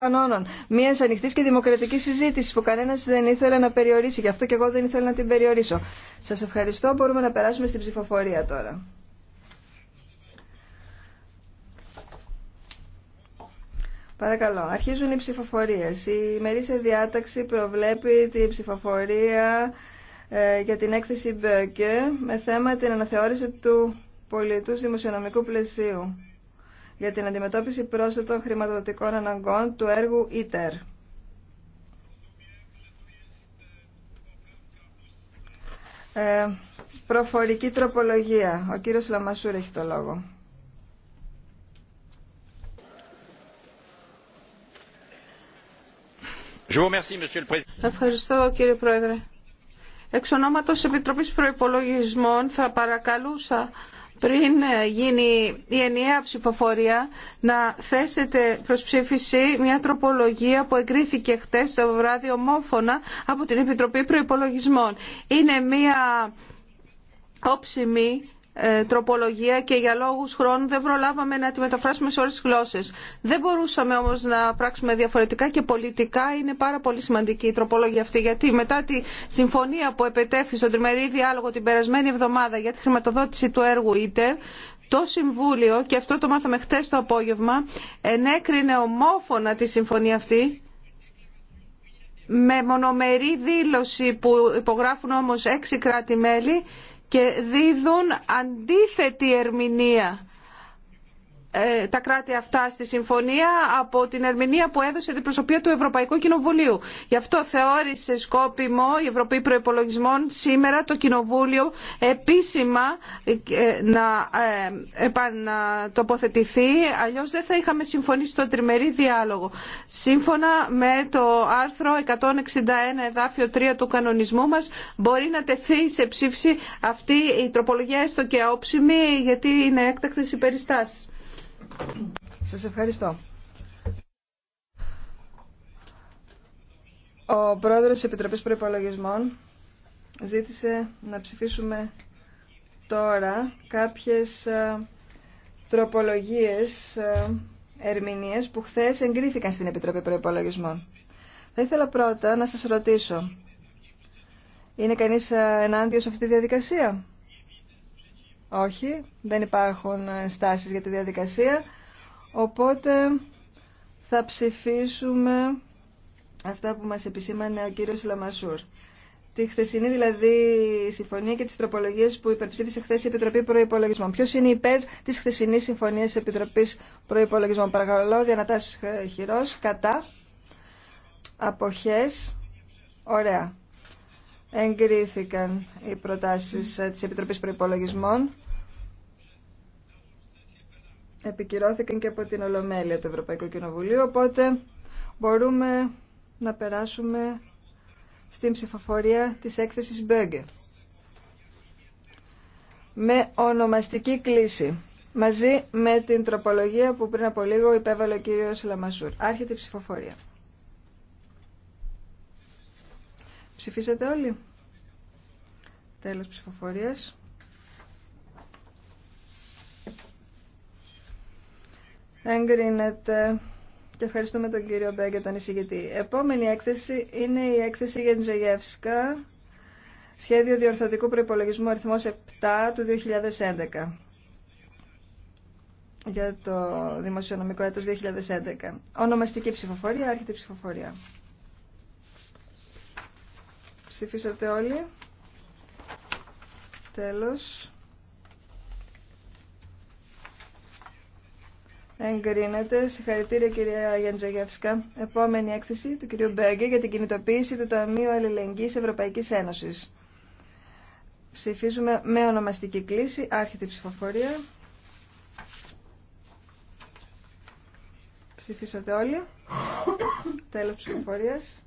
κανόνων, μια ανοιχτή και δημοκρατική συζήτηση που κανένα δεν ήθελε να περιορίσει. Γι' αυτό και εγώ δεν ήθελα να την περιορίσω. Σα ευχαριστώ. Μπορούμε να περάσουμε στην ψηφοφορία τώρα. Παρακαλώ, αρχίζουν οι ψηφοφορίε. Η ημερήσια διάταξη προβλέπει τη ψηφοφορία ε, για την έκθεση Μπέκε με θέμα την αναθεώρηση του πολιτού δημοσιονομικού πλαισίου για την αντιμετώπιση πρόσθετων χρηματοδοτικών αναγκών του έργου ΙΤΕΡ. Ε, προφορική τροπολογία. Ο κύριος Λαμασούρ έχει το λόγο. Ευχαριστώ κύριε Πρόεδρε. Εξ ονόματος Επιτροπής Προϋπολογισμών θα παρακαλούσα πριν ε, γίνει η ενιαία ψηφοφορία να θέσετε προς ψήφιση μια τροπολογία που εγκρίθηκε χτες το βράδυ ομόφωνα από την Επιτροπή Προϋπολογισμών. Είναι μια όψιμη ε, τροπολογία και για λόγους χρόνου δεν προλάβαμε να τη μεταφράσουμε σε όλες τις γλώσσες. Δεν μπορούσαμε όμως να πράξουμε διαφορετικά και πολιτικά είναι πάρα πολύ σημαντική η τροπολογία αυτή γιατί μετά τη συμφωνία που επετέφθη στον τριμερή διάλογο την περασμένη εβδομάδα για τη χρηματοδότηση του έργου ΙΤΕΡ το Συμβούλιο, και αυτό το μάθαμε χτες το απόγευμα, ενέκρινε ομόφωνα τη συμφωνία αυτή με μονομερή δήλωση που υπογράφουν όμως έξι κράτη-μέλη και δίδουν αντίθετη ερμηνεία ε, τα κράτη αυτά στη συμφωνία από την ερμηνεία που έδωσε την προσωπία του Ευρωπαϊκού Κοινοβουλίου. Γι' αυτό θεώρησε σκόπιμο η Ευρωπαϊκή Προπολογισμών σήμερα το Κοινοβούλιο επίσημα ε, να ε, τοποθετηθεί. αλλιώς δεν θα είχαμε συμφωνήσει στο τριμερή διάλογο. Σύμφωνα με το άρθρο 161 εδάφιο 3 του κανονισμού μας μπορεί να τεθεί σε ψήφιση αυτή η τροπολογία έστω και όψιμη γιατί είναι έκτακτες οι σας ευχαριστώ. Ο πρόεδρος της Επιτροπής Προϋπολογισμών ζήτησε να ψηφίσουμε τώρα κάποιες ε, τροπολογίες ε, ερμηνείες που χθες εγκρίθηκαν στην Επιτροπή Προϋπολογισμών. Θα ήθελα πρώτα να σας ρωτήσω, είναι κανείς ε, ενάντια σε αυτή τη διαδικασία? Όχι, δεν υπάρχουν στάσεις για τη διαδικασία. Οπότε θα ψηφίσουμε αυτά που μας επισήμανε ο κύριος Λαμασούρ. Τη χθεσινή δηλαδή συμφωνία και τις τροπολογίες που υπερψήφισε χθες η Επιτροπή Προϋπολογισμών. Ποιος είναι υπέρ της χθεσινής συμφωνίας της Επιτροπής Προϋπολογισμών. Παρακαλώ, διανατάσεις χειρός, κατά, αποχές, ωραία εγκρίθηκαν οι προτάσεις ε, της Επιτροπής Προϋπολογισμών. Επικυρώθηκαν και από την Ολομέλεια του Ευρωπαϊκού Κοινοβουλίου, οπότε μπορούμε να περάσουμε στην ψηφοφορία της έκθεσης Μπέγκε. Με ονομαστική κλίση, μαζί με την τροπολογία που πριν από λίγο υπέβαλε ο κύριος Λαμασούρ. Άρχεται η ψηφοφορία. Ψηφίσατε όλοι. Τέλος ψηφοφορίας. Εγκρίνεται. Και ευχαριστούμε τον κύριο για τον εισηγητή. Επόμενη έκθεση είναι η έκθεση για την Γεντζεγεύσκα, σχέδιο διορθωτικού προϋπολογισμού αριθμός 7 του 2011 για το δημοσιονομικό έτος 2011. Ονομαστική ψηφοφορία, άρχεται ψηφοφορία. Ψηφίσατε όλοι. Τέλος. Εγκρίνεται. Συγχαρητήρια κυρία Γιαντζογεύσκα. Επόμενη έκθεση του κυρίου Μπέγκε για την κινητοποίηση του Ταμείου Αλληλεγγύης Ευρωπαϊκής Ένωσης. Ψηφίζουμε με ονομαστική κλίση. Άρχεται η ψηφοφορία. Ψηφίσατε όλοι. Τέλος ψηφοφορίας.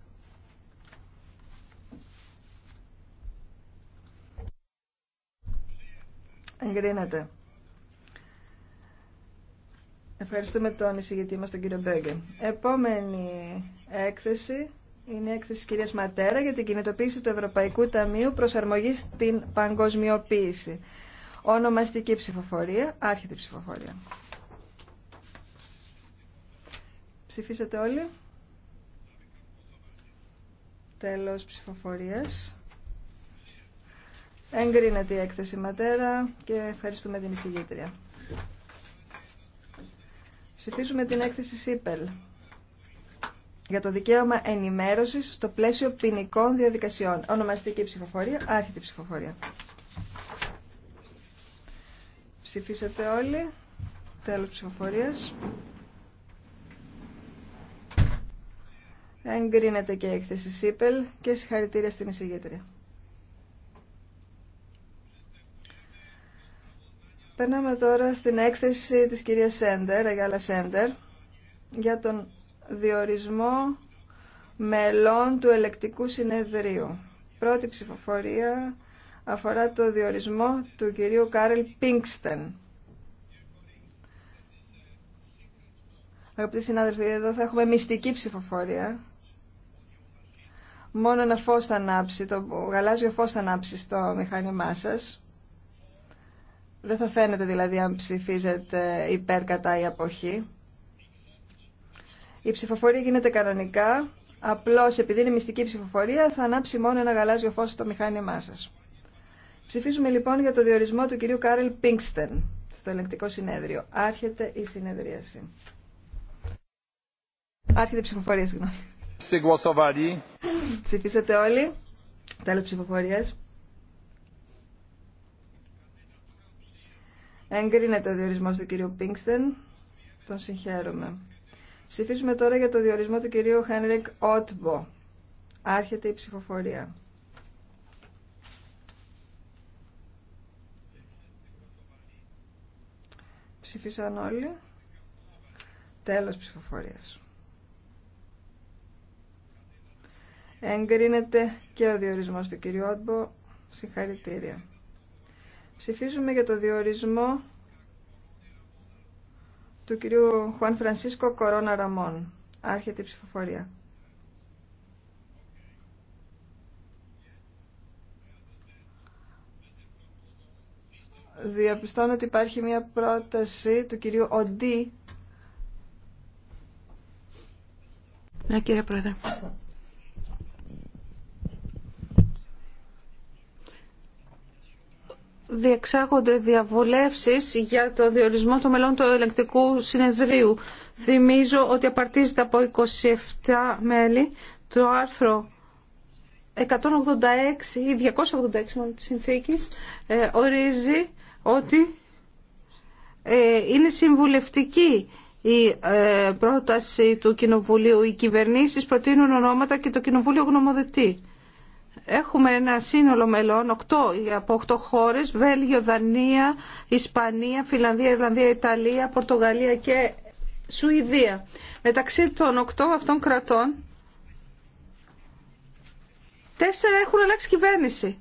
Εγκρίνεται. Ευχαριστούμε τον εισηγητή μας, τον κύριο Μπέγκε. Επόμενη έκθεση είναι η έκθεση της κυρίας Ματέρα για την κινητοποίηση του Ευρωπαϊκού Ταμείου προσαρμογής στην παγκοσμιοποίηση. Ονομαστική ψηφοφορία, άρχεται ψηφοφορία. Ψηφίσατε όλοι. Τέλος ψηφοφορίας. Εγκρίνεται η έκθεση Ματέρα και ευχαριστούμε την εισηγήτρια. Ψηφίσουμε την έκθεση ΣΥΠΕΛ για το δικαίωμα ενημέρωσης στο πλαίσιο ποινικών διαδικασιών. Ονομαστική ψηφοφορία, άρχιτη ψηφοφορία. Ψηφίσατε όλοι. Τέλος ψηφοφορίας. Εγκρίνεται και η έκθεση ΣΥΠΕΛ και συγχαρητήρια στην εισηγήτρια. Περνάμε τώρα στην έκθεση της κυρίας Σέντερ, Αγιάλα Σέντερ, για τον διορισμό μελών του ελεκτικού συνεδρίου. Πρώτη ψηφοφορία αφορά το διορισμό του κυρίου Κάρελ Πίνξτεν. Αγαπητοί συνάδελφοι, εδώ θα έχουμε μυστική ψηφοφορία. Μόνο ένα φως θα ανάψει, το γαλάζιο φως θα ανάψει στο μηχάνημά σας. Δεν θα φαίνεται δηλαδή αν ψηφίζετε υπέρ κατά ή αποχή. Η ψηφοφορία γίνεται κανονικά. Απλώς επειδή είναι μυστική ψηφοφορία θα ανάψει μόνο ένα γαλάζιο φως στο μηχάνημά σας. Ψηφίζουμε λοιπόν για το διορισμό του κυρίου Κάρελ Πίνξτεν στο ελεγκτικό συνέδριο. Άρχεται η συνεδρίαση. Άρχεται η ψηφοφορία, συγγνώμη. Ψηφίσατε όλοι. Τέλος ψηφοφορίας. Εγκρίνεται ο διορισμός του κυρίου Πίνξτεν. Τον συγχαίρομαι. Ψηφίσουμε τώρα για το διορισμό του κυρίου Χένρικ Ότμπο. Άρχεται η ψηφοφορία. Ψηφίσαν όλοι. Τέλος ψηφοφορίας. Εγκρίνεται και ο διορισμός του κυρίου Ότμπο. Συγχαρητήρια. Ψηφίζουμε για το διορισμό του κυρίου Χουάν Φρανσίσκο Κορώνα Ραμών. Άρχεται η ψηφοφορία. Διαπιστώνω ότι υπάρχει μια πρόταση του κυρίου Οντί. Ναι, κύριε Πρόεδρε. διεξάγονται διαβουλεύσεις για το διορισμό των μελών του ελεγκτικού συνεδρίου. Θυμίζω ότι απαρτίζεται από 27 μέλη το άρθρο 186 ή 286 της συνθήκης ε, ορίζει ότι ε, είναι συμβουλευτική η ε, πρόταση του Κοινοβουλίου. Οι κυβερνήσεις προτείνουν ονόματα και το Κοινοβούλιο γνωμοδετεί. Έχουμε ένα σύνολο μελών, 8 από 8 χώρες, Βέλγιο, Δανία, Ισπανία, Φιλανδία, Ιρλανδία, Ιταλία, Πορτογαλία και Σουηδία. Μεταξύ των 8 αυτών κρατών, 4 έχουν αλλάξει κυβέρνηση.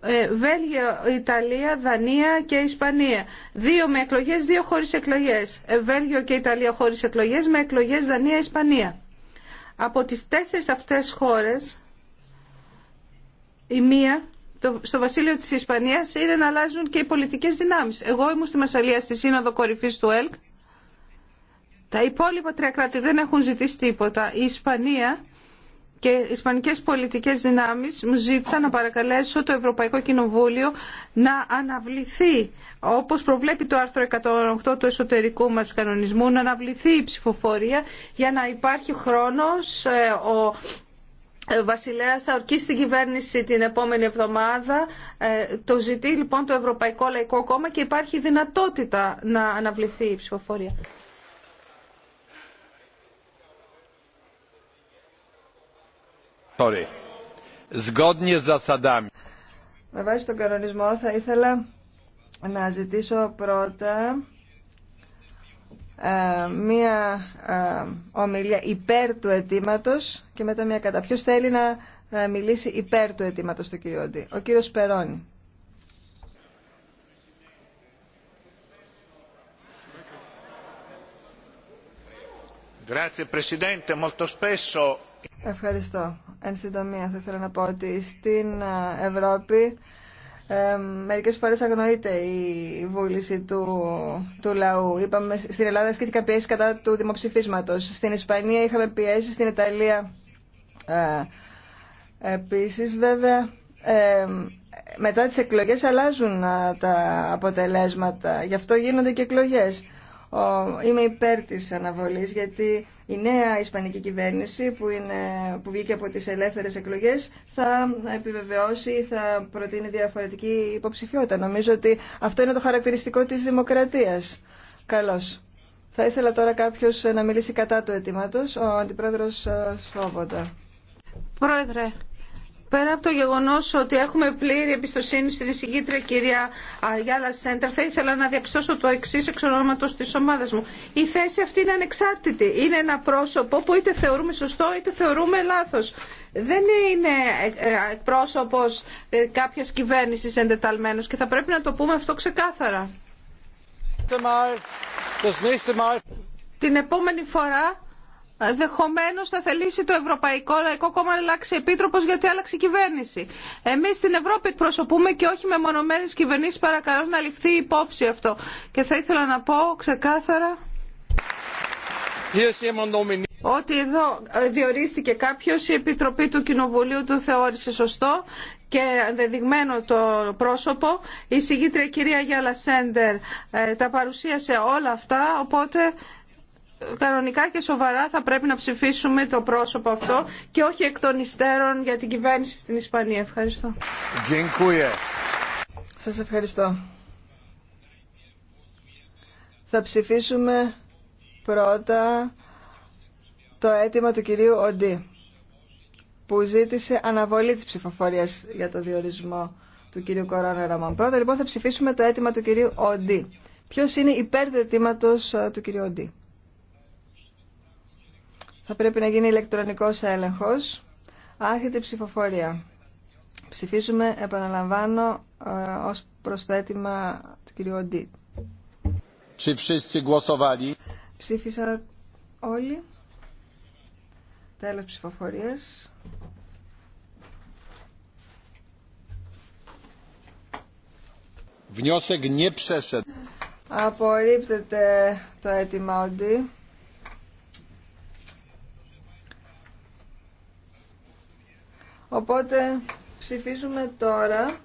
Ε, Βέλγιο, Ιταλία, Δανία και Ισπανία. Δύο με εκλογές, δύο χωρίς εκλογές. Ε, Βέλγιο και Ιταλία χωρίς εκλογές, με εκλογές Δανία, Ισπανία. Από τις τέσσερις αυτές χώρες, η μία στο βασίλειο της Ισπανίας είδε να αλλάζουν και οι πολιτικές δυνάμεις. Εγώ ήμουν στη Μασαλία στη Σύνοδο Κορυφής του ΕΛΚ. Τα υπόλοιπα τρία κράτη δεν έχουν ζητήσει τίποτα. Η Ισπανία και οι ισπανικές πολιτικές δυνάμεις μου ζήτησαν να παρακαλέσω το Ευρωπαϊκό Κοινοβούλιο να αναβληθεί, όπως προβλέπει το άρθρο 108 του εσωτερικού μας κανονισμού, να αναβληθεί η ψηφοφορία για να υπάρχει χρόνος ε, ο ε, Βασιλέα θα ορκίσει την κυβέρνηση την επόμενη εβδομάδα. Ε, το ζητεί λοιπόν το Ευρωπαϊκό Λαϊκό Κόμμα και υπάρχει δυνατότητα να αναβληθεί η ψηφοφορία. Sorry. Με βάση τον κανονισμό θα ήθελα να ζητήσω πρώτα ε, μία ε, ομιλία υπέρ του αιτήματο και μετά μία κατά. Ποιος θέλει να ε, μιλήσει υπέρ του αιτήματο του κύριο Ο κύριος Περόνι. Ευχαριστώ. Εν συντομία θα ήθελα να πω ότι στην Ευρώπη ε, μερικές φορές αγνοείται η βούληση του, του λαού. Είπαμε, στην Ελλάδα σχετικά πιέσει κατά του δημοψηφίσματος. Στην Ισπανία είχαμε πιέσει, στην Ιταλία ε, επίσης βέβαια. Ε, μετά τις εκλογές αλλάζουν ε, τα αποτελέσματα, γι' αυτό γίνονται και εκλογές είμαι υπέρ τη αναβολής γιατί η νέα ισπανική κυβέρνηση που, είναι, που βγήκε από τις ελεύθερες εκλογές θα επιβεβαιώσει ή θα προτείνει διαφορετική υποψηφιότητα. Νομίζω ότι αυτό είναι το χαρακτηριστικό της δημοκρατίας. Καλώ. Θα ήθελα τώρα κάποιο να μιλήσει κατά του αιτήματο, ο Αντιπρόεδρος ε, Σόβοντα. Πρόεδρε, Πέρα από το γεγονό ότι έχουμε πλήρη εμπιστοσύνη στην εισηγήτρια κυρία Γιάλα Σέντερ, θα ήθελα να διαπιστώσω το εξή εξ ονόματο τη ομάδα μου. Η θέση αυτή είναι ανεξάρτητη. Είναι ένα πρόσωπο που είτε θεωρούμε σωστό είτε θεωρούμε λάθο. Δεν είναι εκπρόσωπο κάποια κυβέρνηση εντεταλμένο και θα πρέπει να το πούμε αυτό ξεκάθαρα. Την επόμενη φορά Δεχομένω θα θελήσει το Ευρωπαϊκό Λαϊκό Κόμμα να αλλάξει επίτροπο γιατί άλλαξε η κυβέρνηση. Εμεί στην Ευρώπη εκπροσωπούμε και όχι με μονομένε κυβερνήσει. Παρακαλώ να ληφθεί υπόψη αυτό. Και θα ήθελα να πω ξεκάθαρα ότι εδώ διορίστηκε κάποιο, η Επιτροπή του Κοινοβουλίου το θεώρησε σωστό και δεδειγμένο το πρόσωπο. Η συγγήτρια κυρία Γιάλα Σέντερ ε, τα παρουσίασε όλα αυτά, οπότε κανονικά και σοβαρά θα πρέπει να ψηφίσουμε το πρόσωπο αυτό και όχι εκ των υστέρων για την κυβέρνηση στην Ισπανία. Ευχαριστώ. Σας ευχαριστώ. Θα ψηφίσουμε πρώτα το αίτημα του κυρίου Οντί που ζήτησε αναβολή της ψηφοφορίας για το διορισμό του κυρίου Κορώνα Ραμών. Πρώτα λοιπόν θα ψηφίσουμε το αίτημα του κυρίου Οντί. Ποιος είναι υπέρ του αιτήματος ε, του κυρίου Οντί. Θα πρέπει να γίνει ηλεκτρονικός έλεγχος. Άρχεται η ψηφοφορία. Ψηφίζουμε, επαναλαμβάνω, ε, ως προς το αίτημα του κυρίου Οντί. Ψήφισα όλοι. Τέλος ψηφοφορίας. Απορρίπτεται το αίτημα Οντί. Οπότε ψηφίζουμε τώρα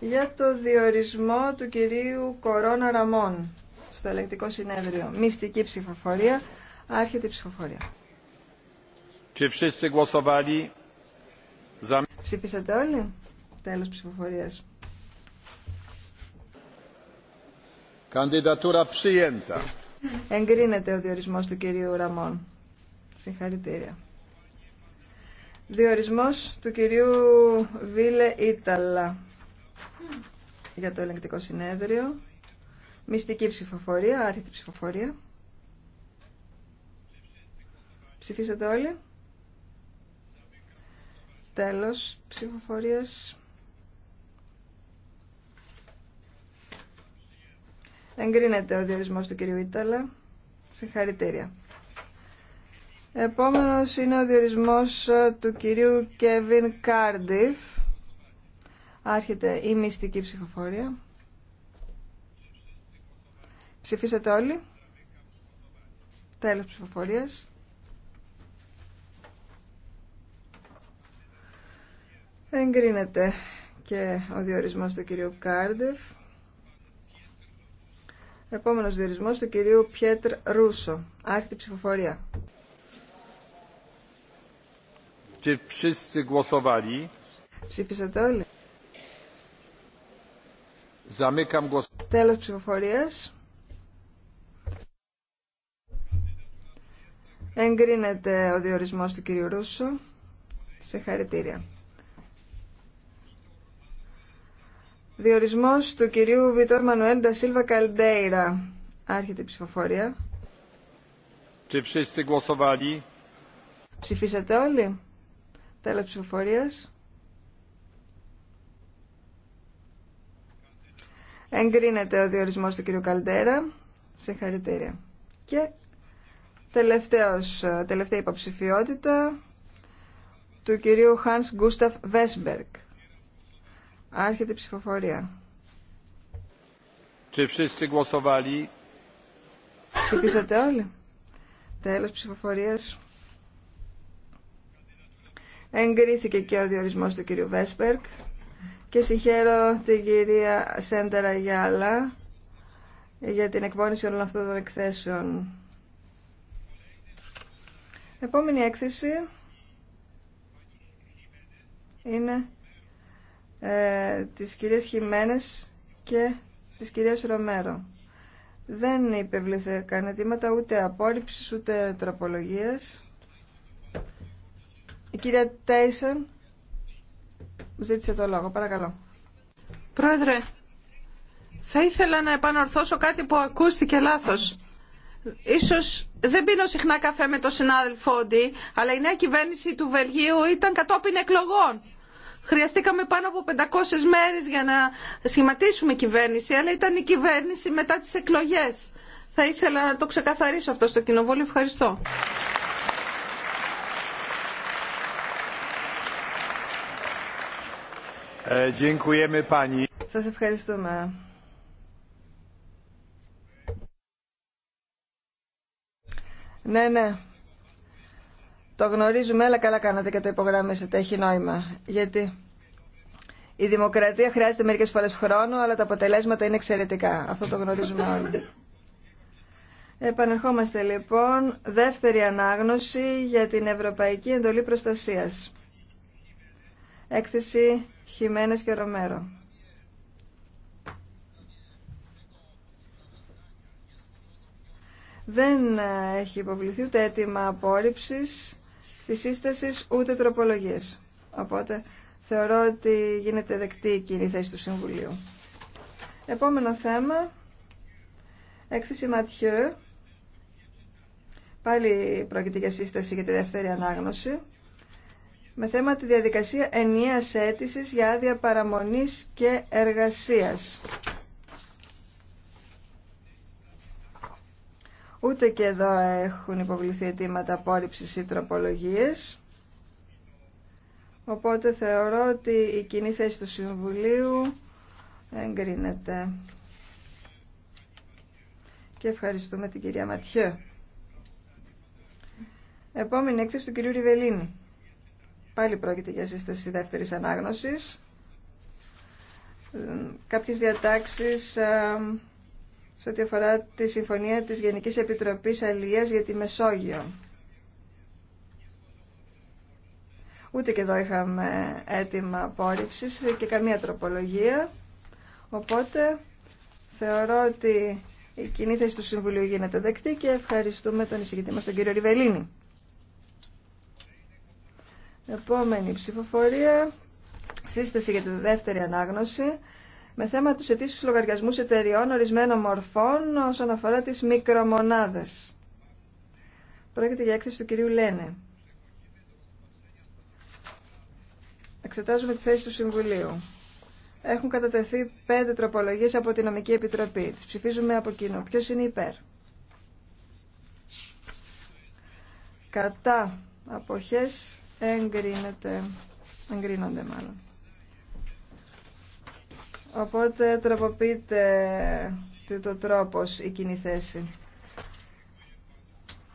για το διορισμό του κυρίου Κορώνα Ραμών στο ελεκτικό συνέδριο. Μυστική ψηφοφορία. Άρχεται η ψηφοφορία. Ψήφισατε όλοι. Τέλος ψηφοφορίας. Κανδιδατούρα Εγκρίνεται ο διορισμός του κυρίου Ραμών. Συγχαρητήρια. Διορισμός του κυρίου Βίλε Ήταλα για το ελεγκτικό συνέδριο. Μυστική ψηφοφορία, άρχιτη ψηφοφορία. Ψηφίσατε όλοι. Τέλος ψηφοφορίας. Εγκρίνεται ο διορισμός του κυρίου Ήταλα. Συγχαρητήρια. Επόμενος είναι ο διορισμός ε, του κυρίου Κέβιν Κάρντιφ. Άρχεται η μυστική ψηφοφορία. Ψηφίσατε όλοι. Τέλος ψηφοφορίας. Εγκρίνεται και ο διορισμός του κυρίου Κάρντιφ. Επόμενος διορισμός του κυρίου Πιέτρ Ρούσο. Άρχεται η ψηφοφορία. Czy wszyscy głosowali? όλοι. Zamykam głosowanie. Εγκρίνεται ο διορισμός του κυρίου Ρούσο. Σε χαρητήρια. Διορισμός του κυρίου Βιτόρ Μανουέλ Ντασίλβα Καλντέιρα. Άρχεται η ψηφοφορία. Τι Ψηφίσατε όλοι. Τέλος ψηφοφορίας. Εγκρίνεται ο διορισμός του κ. Καλτέρα. Συγχαρητήρια. Και τελευταίος, τελευταία υποψηφιότητα του κυρίου Hans Gustav Βέσμπεργκ. Άρχεται η ψηφοφορία. Ψηφίσατε όλοι. Τέλος ψηφοφορίας. Εγκρίθηκε και ο διορισμός του κυρίου Βέσπερκ και συγχαίρω την κυρία Σέντερα Γιάλα για την εκπόνηση όλων αυτών των εκθέσεων. Επόμενη έκθεση είναι ε, της κυρίας Χιμένες και της κυρίας Ρομέρο. Δεν υπευλήθηκαν αιτήματα ούτε απόρριψης ούτε τροπολογίας. Η κυρία Τέισεν ζήτησε το λόγο. Παρακαλώ. Πρόεδρε, θα ήθελα να επανορθώσω κάτι που ακούστηκε λάθος. Ίσως δεν πίνω συχνά καφέ με τον συνάδελφό Ντι, αλλά η νέα κυβέρνηση του Βελγίου ήταν κατόπιν εκλογών. Χρειαστήκαμε πάνω από 500 μέρες για να σχηματίσουμε κυβέρνηση, αλλά ήταν η κυβέρνηση μετά τις εκλογές. Θα ήθελα να το ξεκαθαρίσω αυτό στο Κοινοβούλιο. Ευχαριστώ. Ε, Σας ευχαριστούμε. Ναι, ναι. Το γνωρίζουμε, αλλά καλά κάνατε και το υπογράμμισετε. Έχει νόημα. Γιατί η δημοκρατία χρειάζεται μερικές φορές χρόνο, αλλά τα αποτελέσματα είναι εξαιρετικά. Αυτό το γνωρίζουμε όλοι. Επανερχόμαστε λοιπόν. Δεύτερη ανάγνωση για την Ευρωπαϊκή Εντολή Προστασίας. Έκθεση Χιμένες και Ρομέρο. Δεν ε, έχει υποβληθεί ούτε αίτημα απόρριψης της σύστασης ούτε τροπολογίες. Οπότε θεωρώ ότι γίνεται δεκτή η κοινή θέση του Συμβουλίου. Επόμενο θέμα, έκθεση Ματιού. Πάλι πρόκειται για σύσταση για τη δεύτερη ανάγνωση με θέμα τη διαδικασία ενιαίας αίτησης για άδεια παραμονής και εργασίας. Ούτε και εδώ έχουν υποβληθεί αιτήματα απόρριψης ή τροπολογίες. Οπότε θεωρώ ότι η κοινή θέση του Συμβουλίου εγκρίνεται. Και ευχαριστούμε την κυρία Ματιέ. Επόμενη έκθεση του κυρίου Ριβελίνη. Πάλι πρόκειται για σύσταση δεύτερης ανάγνωσης. Κάποιες διατάξεις ε, σε ό,τι αφορά τη συμφωνία της Γενικής Επιτροπής Αλίας για τη Μεσόγειο. Ούτε και εδώ είχαμε έτοιμα απόρριψης και καμία τροπολογία. Οπότε θεωρώ ότι η κοινή θέση του Συμβουλίου γίνεται δεκτή και ευχαριστούμε τον εισηγητή μας τον κύριο Ριβελίνη. Επόμενη ψηφοφορία, σύσταση για τη δεύτερη ανάγνωση με θέμα τους ετήσιους λογαριασμούς εταιριών ορισμένων μορφών όσον αφορά τις μικρομονάδες. Πρόκειται για έκθεση του κυρίου Λένε. Εξετάζουμε τη θέση του Συμβουλίου. Έχουν κατατεθεί πέντε τροπολογίες από την Νομική Επιτροπή. Τις ψηφίζουμε από κοινό. Ποιος είναι υπέρ. Κατά αποχές εγκρίνεται, εγκρίνονται μάλλον. Οπότε τροποποιείται το τρόπος η κοινή θέση.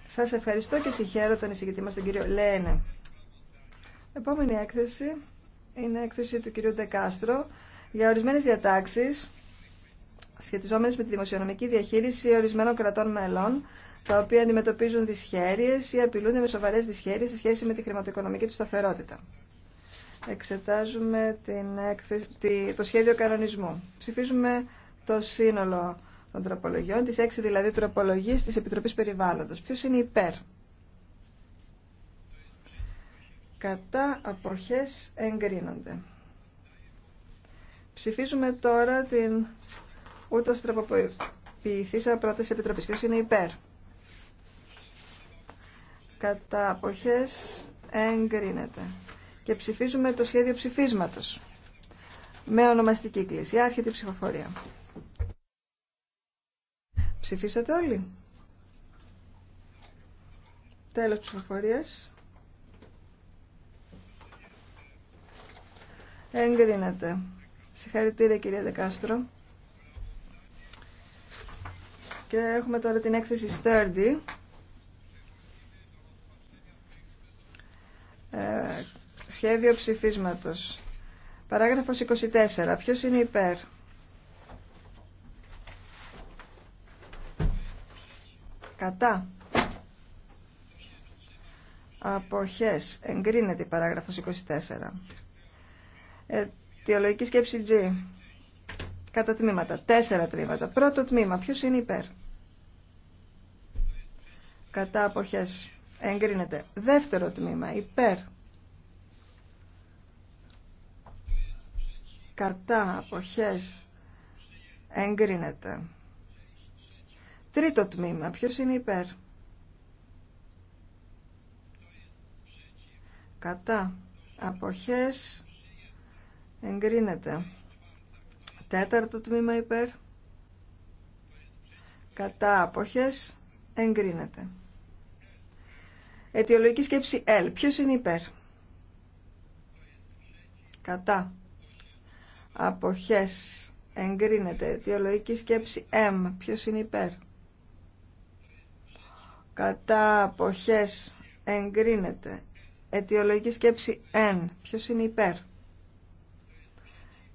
Σας ευχαριστώ και συγχαίρω τον εισηγητή μας τον κύριο Λένε. Επόμενη έκθεση είναι έκθεση του κυρίου Ντεκάστρο για ορισμένες διατάξεις σχετιζόμενες με τη δημοσιονομική διαχείριση ορισμένων κρατών μελών τα οποία αντιμετωπίζουν δυσχέρειες ή απειλούνται με σοβαρές δυσχέρειες σε σχέση με τη χρηματοοικονομική του σταθερότητα. Εξετάζουμε το σχέδιο κανονισμού. Ψηφίζουμε το σύνολο των τροπολογιών, τις έξι δηλαδή τροπολογίες της Επιτροπής Περιβάλλοντος. Ποιος είναι υπέρ. Κατά αποχές εγκρίνονται. Ψηφίζουμε τώρα την ούτως τροποποιηθήσα πρόταση Επιτροπής. Ποιος είναι υπέρ κατά αποχές εγκρίνεται. Και ψηφίζουμε το σχέδιο ψηφίσματος με ονομαστική κλίση. Άρχεται η ψηφοφορία. Ψηφίσατε όλοι. Τέλος ψηφοφορίας. Εγκρίνεται. Συγχαρητήρια κυρία Δεκάστρο. Και έχουμε τώρα την έκθεση Sturdy. Ε, σχέδιο ψηφίσματος. Παράγραφος 24. Ποιος είναι υπέρ. Κατά. Αποχές. Εγκρίνεται η παράγραφος 24. Αιτιολογική σκέψη G. Κατά τμήματα. Τέσσερα τμήματα. Πρώτο τμήμα. Ποιος είναι υπέρ. Κατά αποχές. Εγκρίνεται. Δεύτερο τμήμα. Υπέρ. Κατά. Αποχές. Εγκρίνεται. Τρίτο τμήμα. Ποιος είναι υπέρ. Κατά. Αποχές. Εγκρίνεται. Τέταρτο τμήμα υπέρ. Κατά. Αποχές. Εγκρίνεται. Αιτιολογική σκέψη L. Ποιο είναι υπέρ. Κατά. Αποχές. Εγκρίνεται. Αιτιολογική σκέψη M. Ποιο είναι υπέρ. Κατά. Αποχές. Εγκρίνεται. Αιτιολογική σκέψη N. Ποιο είναι υπέρ.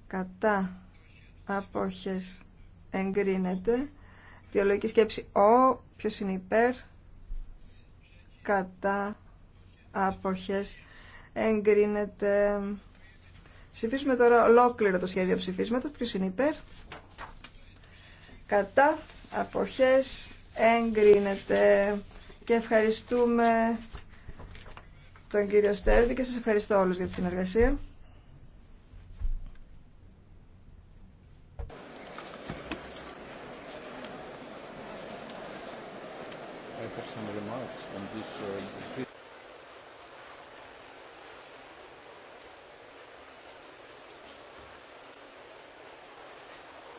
Κατά. Αποχές. Εγκρίνεται. Αιτιολογική σκέψη O. Ποιο είναι υπέρ κατά αποχές εγκρίνεται. Ψηφίσουμε τώρα ολόκληρο το σχέδιο ψηφίσματος. Ποιος είναι υπέρ. Κατά αποχές εγκρίνεται. Και ευχαριστούμε τον κύριο Στέρδη και σας ευχαριστώ όλους για τη συνεργασία. τους ε,